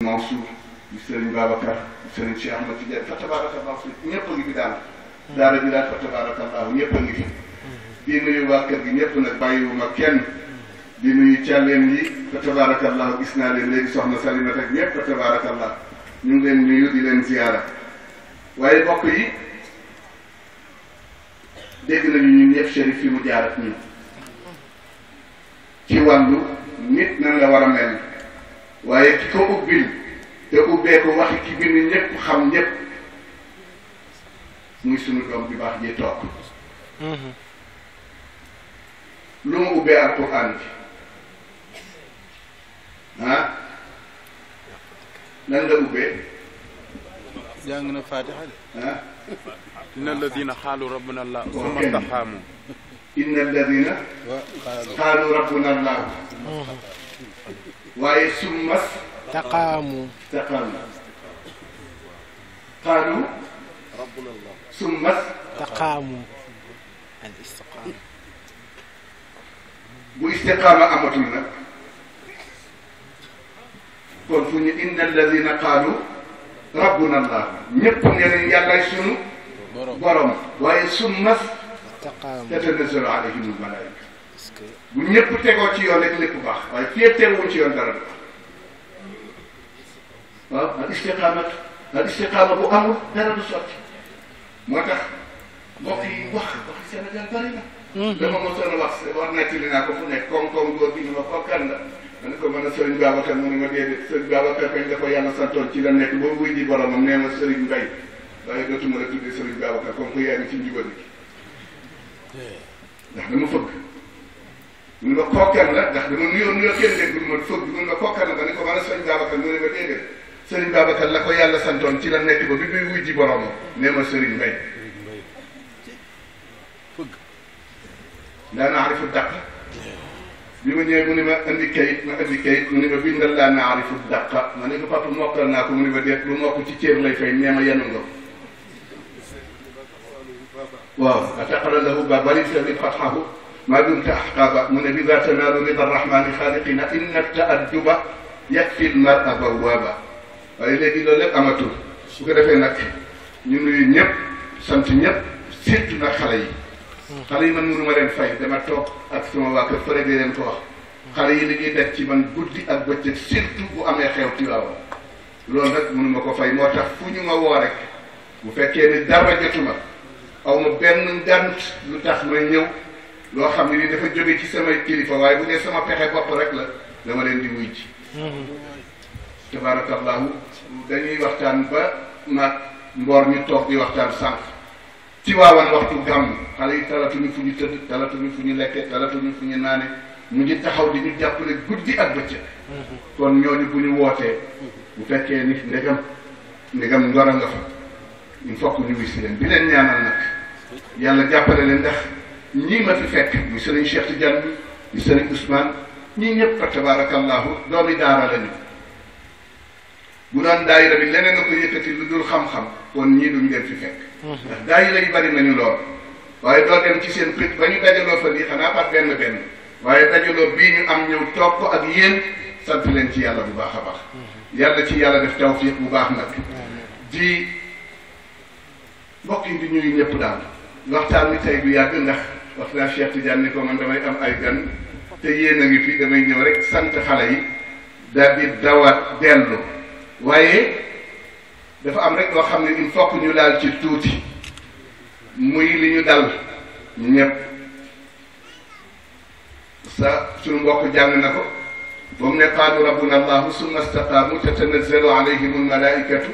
Mansour di sëriñ Babacar di sëriñ Cheikh Ahmed Tidiane fa tabarakallahu ñëpp hmm. fa tabarakallahu ñëpp hmm. di nuyu waa gi ñëpp nag bàyyiwuma kenn di nuyu càlleen yi fa tabarakallahu gis naa leen léegi soxna Salimata ak ñëpp fa tabarakallahu ñu leen nuyu di leen ziyaara waaye bokk yi dégg nañu ñun ñëpp chérif fi mu ci wàllu nit nan la war mel waaye ki ko ubbil te ubbee ko waxi ki bind ñëpp xam ñëpp muy sunu doom bi baax ji toog lu mu ubbee alquran bi ah lan nga ubbee jàng na fatiha de ah inna alladina xaalu rabbuna allah summa staxaamu inna alladina xaalu rabbuna allah waaye summas taqaamu taqaamu qaalu rabbuna allah summas taqaamu al istiqaama bu istiqaama amatul nag kon fu ñu inna alladina qaalu rabbuna allah ñëpp ne leen yàllaay sunu borom waaye summas tatanazzalu alayhim almalaika bu ñëpp tegoo ci yoon rek lépp baax waaye fii teguwuñ ci yoon dara du waaw al istiqaama al istiqaama bu amul dara du sotti moo tax wax wax Sénégal bari mhm. a wax wax nettali naa ko fu nekk koom-koom góor gi ni ma kookan la. ma ko mën a Sëriñ Babacar mu ne ma déedéet Sëriñ Babacar kañ la ko santoon ci la nekk boo buy di boromam nee ma Sëriñ Mbay waaye dootuma la tuddee Sëriñ Babacar comme que yaa ngi ci njubal gi eh. ndax dama fëgg. min ko ko kenn la ndax dama nuyoo nuyoo kenn déggul ma fëgg min ma ko kenn ba ni ko man a sëñ Babacar mu ne ma déedéet sëriñ Babacar la ko yàlla santoon ci la nekk ba bi muy wuy ji borom nee ma sëriñ Mbay laa naarifu daq bi ma ñëwee mu ne ma indi kayit ma indi kayit mu ne ma bindal laa naarifu daq ma ne ko papa mokkal naa ko mu ne ma déet lu mokk ci cër lay fay nee ma yenu nga waaw ataqala lahu ba bari sa bi fatxahu maa dumta ahqaaba mu ne bidaa tanaalu rida rahmani xaaliqina a taadduba yakfi lmara bawaaba waaye léegi loolu lépp amatul su ko defee nag ñu nuyu ñëpp sant ñëpp surtout nag xale yi xale yi man mënu ma leen fay dama toog ak sama waa kër fële di ko xale yi li ñuy def ci man guddi ak bëccëg surtout bu amee xew Tiwaawan loolu mu nu ma ko fay moo tax ñu ma woo rek bu fekkee ni dara jotuma aw ma benn ngant lu tax may ñëw loo xam ne ni dafa jóge ci samay kilifa waaye bu dee sama pexe bopp rek la dama leen di wuy ci tabaarakallahu dañuy waxtaan ba maag mboor ñu toog di waxtaan sànq ci waawan waxtu gàmm xale yi talatuñu fu ñu tëdd talatuñu fu ñu lekke talatuñu fu ñu naane mu ngi taxaw di ñu jàppale guddi ak bëccëg kon ñooñu bu ñu wootee bu fekkee ni ndegam ndegam ngor a nga fa il faut que ñu wis leen di leen ñaanal nag yàlla jàppale leen ndax ñii ma fi fekk ñu sëriñ Cheikh Tidiane ñu sëriñ Ousmane ñii ñëpp fa tabarakallahu doomi daara lañu bu doon daayira bi leneen nga ko yëkkati lu dul xam-xam kon ñii duñ leen fi fekk. Mhm. ndax daayira yu bari nañu lool. waaye doo dem ci seen picc ba ñu dajaloo fa lii xanaa par benn benn waaye dajaloo bii ñu am ñëw topp ak yéen sant leen ci yàlla bu baax a baax. Mhm. yàlla ci yàlla def tawfiq bu baax nag. di mbokk yi di ñuy ñëpp daal waxtaan wi tey du yàgg ndax. wax naa Cheikh Tidiane ni ko man damay am ay gan te yéen a ngi fi damay ñëw rek sant xale yi daal di dawaat dellu waaye dafa am rek loo xam ne il faut que ñu laal ci tuuti muy li ñu dal ñëpp sa suñu mbokk jàng na ko ba mu ne qaalu rabbuna allahu summa staqaamu tatanazzalu alayhim almalaikatu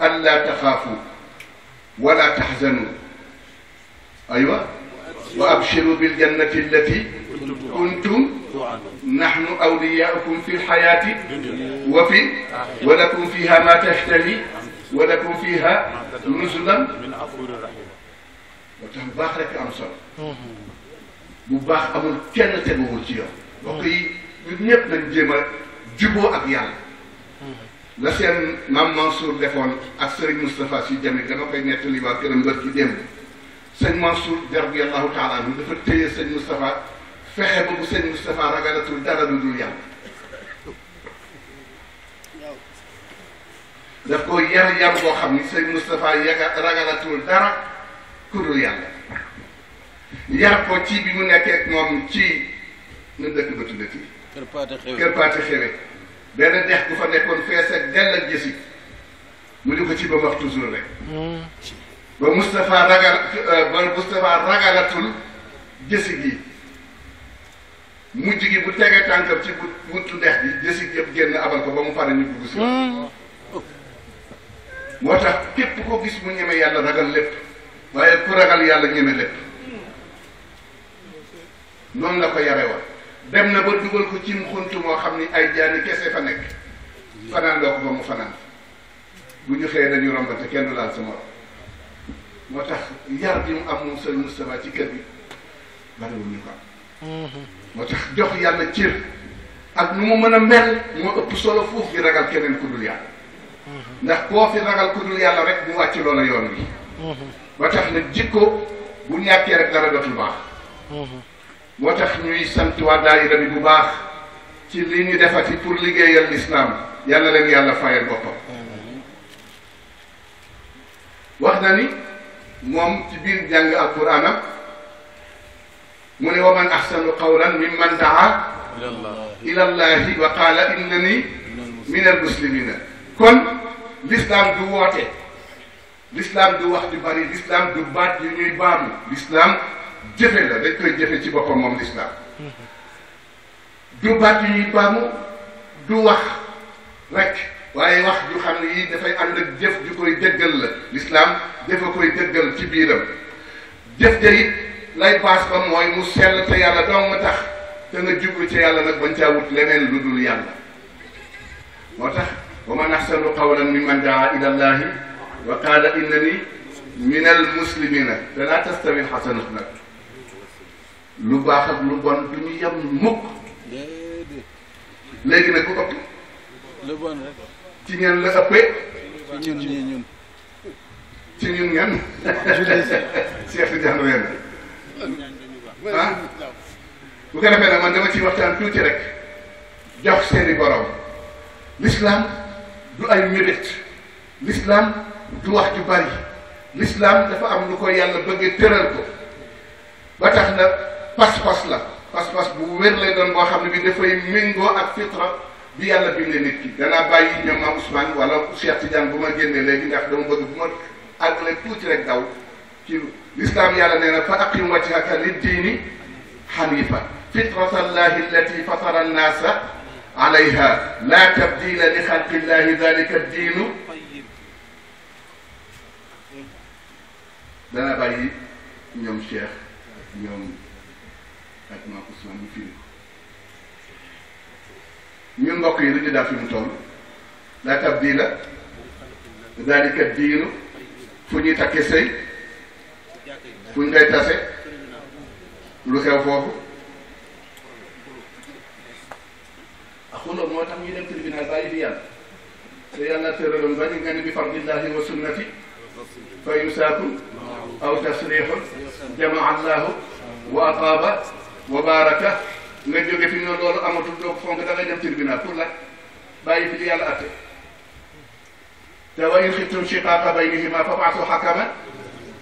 an laa taxaafu wala taxzanu aywa وابشروا بالجنه التي كنتم نحن اولياؤكم في الحياه وفي ولكم فيها ما تشتهي ولكم فيها نزلا من عفور رحيم وتم باخرك امصر بباخ امول كان تبو جيو وقي نيب نك جيما جيبو اك يال لا سين مام منصور ديفون ak serigne mustapha ci jami dama koy netali wa kërëm bër ci dem سيد منصور رضي الله تعالى عنه دفع تي سيد مصطفى فخ بو سيد مصطفى رغالتو دارا دو دو يام دا كو يار يار بو خامي سيد مصطفى يغا رغالتو دارا كودو يام يار كو تي بي مو نيكي اك موم تي نون دك بتو دتي كير باتي خيري بن ديخ كو فا نيكون فيس اك دال جيسي مو ديكو تي بو وقت زور رك ba Moustapha ragal euh, ba Moustapha ragalatul jësi gi mujj gi bu tegee tànkam ci buntu ndex bi jësi gi yëpp génn abal ko ba mu pare ñu hmm. ko gis mu ñeme yàlla waaye ku ragal yàlla ñeme ba dugal ko moo xam ni ay jaani kese fa nekk fanaan loo ko ba bu ñu xëyee dañu rombante kenn laal sa morom moo tax yar bi mu am moom sëriñ Moustapha ci kër gi bariwul ñu ko mhm. moo tax jox yàlla cër ak nu mu mën a mel moo ëpp solo foofu di ragal keneen ku dul yàlla mhm. ndax koo fi ragal ku dul yàlla rek mu wàcc loola yoon wi mhm. moo tax nag jikko bu ñàkkee rek dara dootul baax moo tax ñuy sant waa daayira bu baax ci li ñu defati pour liggéeyal lislaam yàlla leen yàlla fayal boppam wax na ni moom ci biir jàng alquraanam mu ne wa man axsanu qawlan mimman daa ilallahi wa qaala innani min almuslimina kon l'islam du woote l'islam du wax ju bari l'islam du baat yu ñuy baamu l'islam jëfe la dañ koy jëfe ci boppam moom l'islam du baat yu ñuy baamu du wax rek waaye wax ju xam ne yi dafay ànd ak jëf ju koy dëggal la lislaam dafa koy dëggal ci biiram jëf ja it lay baas ba mooy mu sell te yàlla dong tax te nga jublu ca yàlla nag bañ caa wut leneen lu dul yàlla moo tax wa man axsanu qawlan mimman daa ila allahi wa qaala innani min al muslimina te laa tastawi xasanat nag lu baax ak lu bon du ñu yem mukk léegi nag ku ëpp lu bon rek ci ngeen la ëppee. ci ñun ñii ñun. ci ah? bu ko defee nag man dama ciy waxtaan tuuti rek jox seeni borom. l'islam du ay mérite l'islam du wax ju bari l'islam dafa am lu ko yàlla bëggee tëral ko ba tax na pas-pas la pas-pas bu wér lay doon boo xam ne bi dafay méngoo ak fitra bi yàlla bindee nit ki danaa bàyyi ñoom maam Ousmane wala Cheikh Tidiane bu ma génnee léegi ndax dama bëgg bu ma àggale tuuti rek daw ci l'islam yàlla nee na fa aqim wajhaka liddiini hanifa fitratallahi allati fatara annaasa alayha la tabdila li xalqillahi dalika ddiinu dana bàyyi ñoom Cheikh ñoom ak maam Ousmane ñu firi ñun mbokk yi lu ñu daal fi mu toll la tabdila dalika diinu fu ñuy takke sëy fu ñu koy tase lu xew foofu xuloo moo tax ñu dem tribunal bàyyi fi yàlla te yàlla tëraloon ba ñu nga ne bi fardillahi wa sunnati fa yusaakun aw tasrixun jamaa allahu wa ataaba wa baraka nga jóge fi ñoo loolu amatul doo ko fonk da ngay dem tribunal pour la bàyyi fi yàlla atte te wa in xiftum shiqaaqa baynihima fab'asu hakaman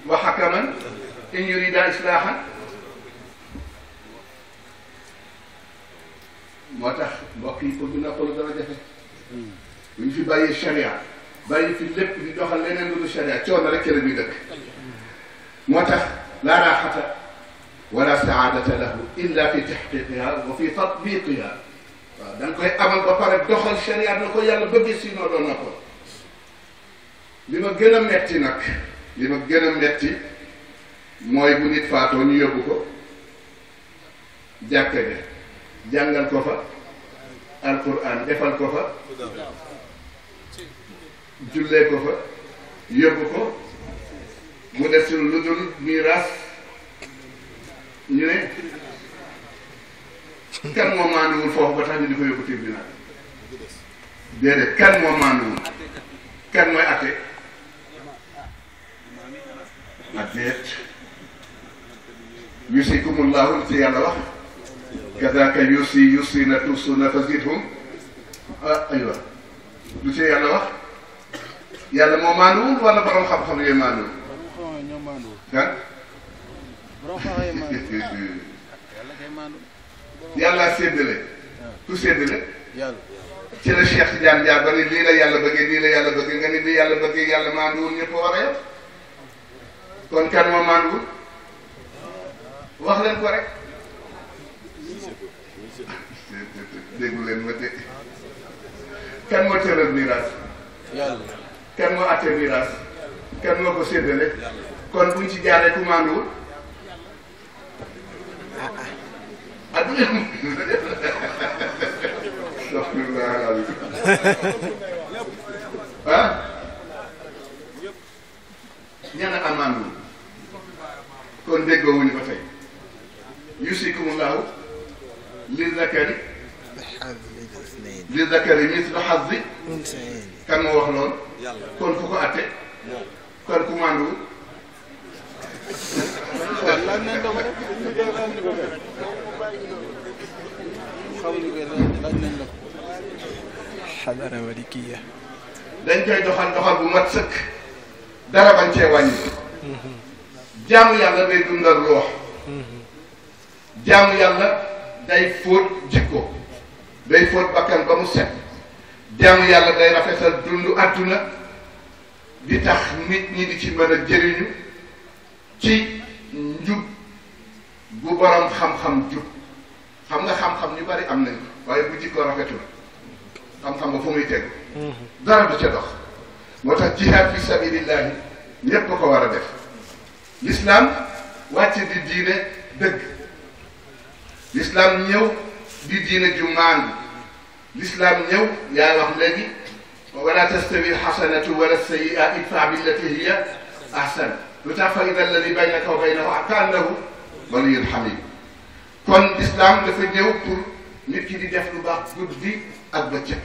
wa hakaman in yurida islaahan moo tax mbokk yi pour ñu noppalu dana jafe bu ñu fi bàyyi sharia bàyyi fi lépp di doxal leneen lu dul sharia coono rek cër bi dëkk moo tax laa raaxata ولا سعادة له إلا في تحقيقها وفي تطبيقها دانكو أمل بقرة دخل شريعة نكو يلا بدي سينو دو نكو لما جينا ميتي نك لما جينا ميتي موي بنيت فاتو نيوبوكو جاكا جا جانجا الكوفا القرآن دفا الكوفا جلي كوفا يوبوكو مدسل لدن ميراث ñu ne kan moo maanduwul foofu ba tax ñu di ko yóbbu tribunal déedéet kan moo maanduwul kan mooy atte ak déet yusikumullahu ci yàlla wax kadaka yusi yusi na tusu na fasidhum ah aywa du ci yàlla wax yàlla moo maanduwul wala borom xam-xam yooyu maanduwul ah yàlla séddale ku séddale ci la Cheikh Tidiane Dia ba ni lii la yàlla bëggee lii la yàlla bëggee nga ni lii yàlla bëggee yàlla maanduwul ñëpp war kon kan moo maanduwul wax leen ko rek déggu ma de kan moo tëral miraas kan moo atte miraas kan moo ko séddale kon buñ ci jaaree ku maanduwul kon déggoo wuñu ba tey yusikumullahu li zakari li zakari hazzi kan moo wax kon fu ko atte kon ku màndu والله من dañ koy doxal doxal bu mat sëkk dara bañ cee wàññi jaamu yàlla day dundal roox jaamu yàlla day fóot jikko day fóot bakkan ba mu set jaamu yàlla day rafetal dund àdduna di tax nit ñi di ci mën a jëriñu ci njub bu borom xam-xam jub xam nga xam-xam ñu bari am nañ waaye bu jikko rafetul xam-xam nga fu muy teg dara du ca dox moo tax jihaad fi sabilillahi ñépp ko war a def l'islam wàcce di diine dëgg l'islam ñëw di diine ju maan l'islam ñëw yaa wax léegi wala tastawi alxasanatu wala sayi'a idfa billati hiya ahsan لتعفى إذا الذي بينك وبينه كأنه ولي حميد كون الإسلام دفن ديو كل نبكي دي دفن باق يبدي أبتك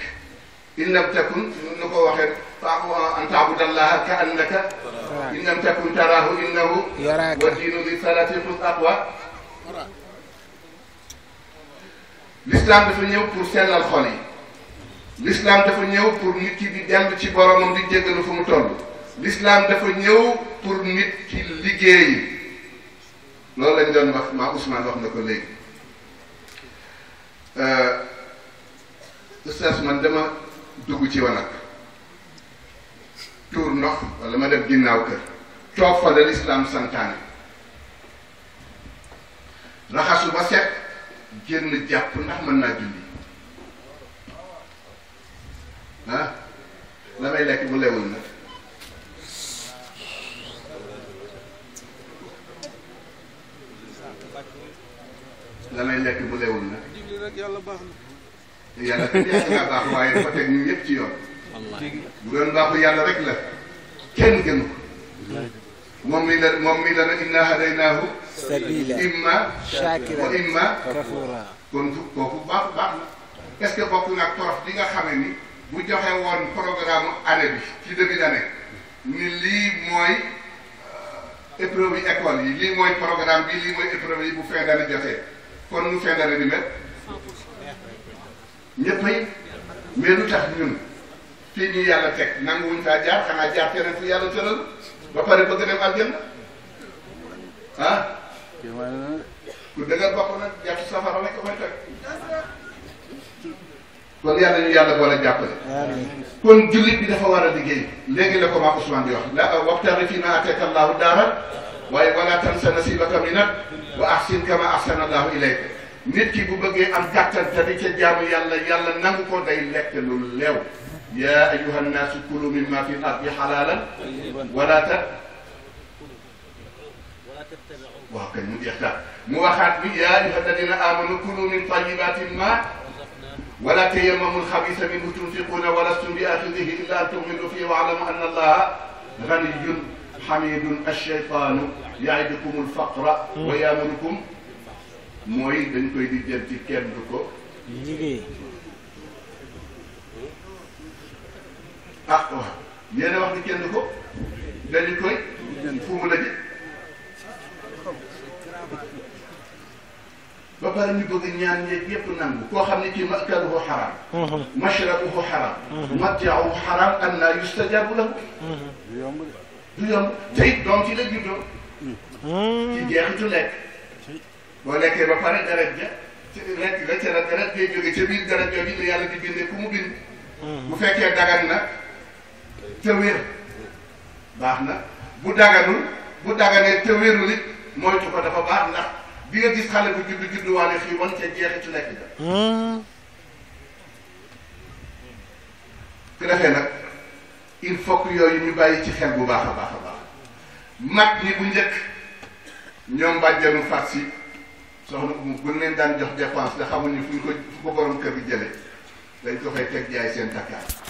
إن لم تكن نقو وخير فأقوى أن تعبد الله كأنك إن لم تكن تراه إنه ودين ذي ثلاثة قد أقوى الإسلام دفن ديو كل سنة الخلي الإسلام دفن ديو كل نبكي دي دفن ديو كل نبكي دي دفن ديو كل l'islam dafa ñëw pour nit ki liggéey loolu lañ doon wax maa Ousmane wax na ko léegi euh, oustaz man dama dugg ci wanag tuur ndox wala ma def ginnaaw kër toog fa la l'islam santaane raxasu ba set génn jàpp ndax mën naa julli ah la lekk bu lewul nag la lay lekk bu lewul nag. yàlla baax na. yàlla kat yàlla baax waaye dafa teg ñun ñëpp ci yoon. bu doon baaxu yàlla rek la kenn gënu ko. moom mi la moom mi la na inna hadaynaahu sabila imma shakira wa imma kafura kon kooku baax baax na est-ce que bokk nag torof li nga xame ni bu joxe woon programme année bi ci début d'année ni lii mooy euh, épreuve yi école yi lii mooy programme bi lii mooy épreuve yi bu fin d'année jotee kon nu fin d'année di mel ñëpp ay mais lu tax ñun fii ñu yàlla teg nanguwuñ faa jaar xanaa jaar feneen fu yàlla tëral ba pare bëgg dem aljanna ah ku ko fay teg kon yàlla ñu yàlla boole jàppale kon jullit bi dafa war a liggéey léegi la ko maa Ousmane di wax waxtaan fii ma atteeka allahu daara ولا تنسى نصيبك من واحسن كما احسن الله اليك nit ki bu bëggee am gàttal te di ca jaamu yàlla yàlla nangu ko day lekk lu leew yaa ayuha nnaasu kulu mimma fi l ardi xalaalan wala ta waaw kañ mu jeex daal mu waxaat bi yaa ayuha alladina amanu kulu min tayibaati ma ولا تيمموا الخبيث منه تنفقون ولستم بآخذه إلا أن تؤمنوا فيه واعلموا أن الله غني حميد الشيطان يعدكم الفقر ويامركم mooy dañ koy dijjanti kenn du ko liggéey ah waaw yéen a wax ni kenn du ko dañu koy fu mu daje ba pare ñu bëgg ñaan ñeeg yépp nangu koo xam ne kii makaluhu xaraam mashrabuhu xaraam matiahu xaraam an naa yustajabu lahu du yomb te it doom ci la juddoo. Hmm. ci jeexitu lekk. boo lekkee ba pare deret ja lekk la ca la deret ngay jóge ca biir deret jooju la yàlla di bindee ku mu bind. Hmm. bu fekkee dagan na te wér baax na bu daganul bu daganee te wérul it moytu ko dafa baax ndax bi nga gis xale bu juddu judduwaale fii woon ca jeexitu lekk ja. Hmm. ku defee nag. il faut que yooyu ñu bàyyi ci xel bu baax a baax a baax mag ñi bu njëkk ñoom bàjjanu fas yi soxna mu bu leen daan jox dépense da xamuñu fu ñu ko fu ko borom kër gi jëlee dañ ko fay teg jaay seen takkaar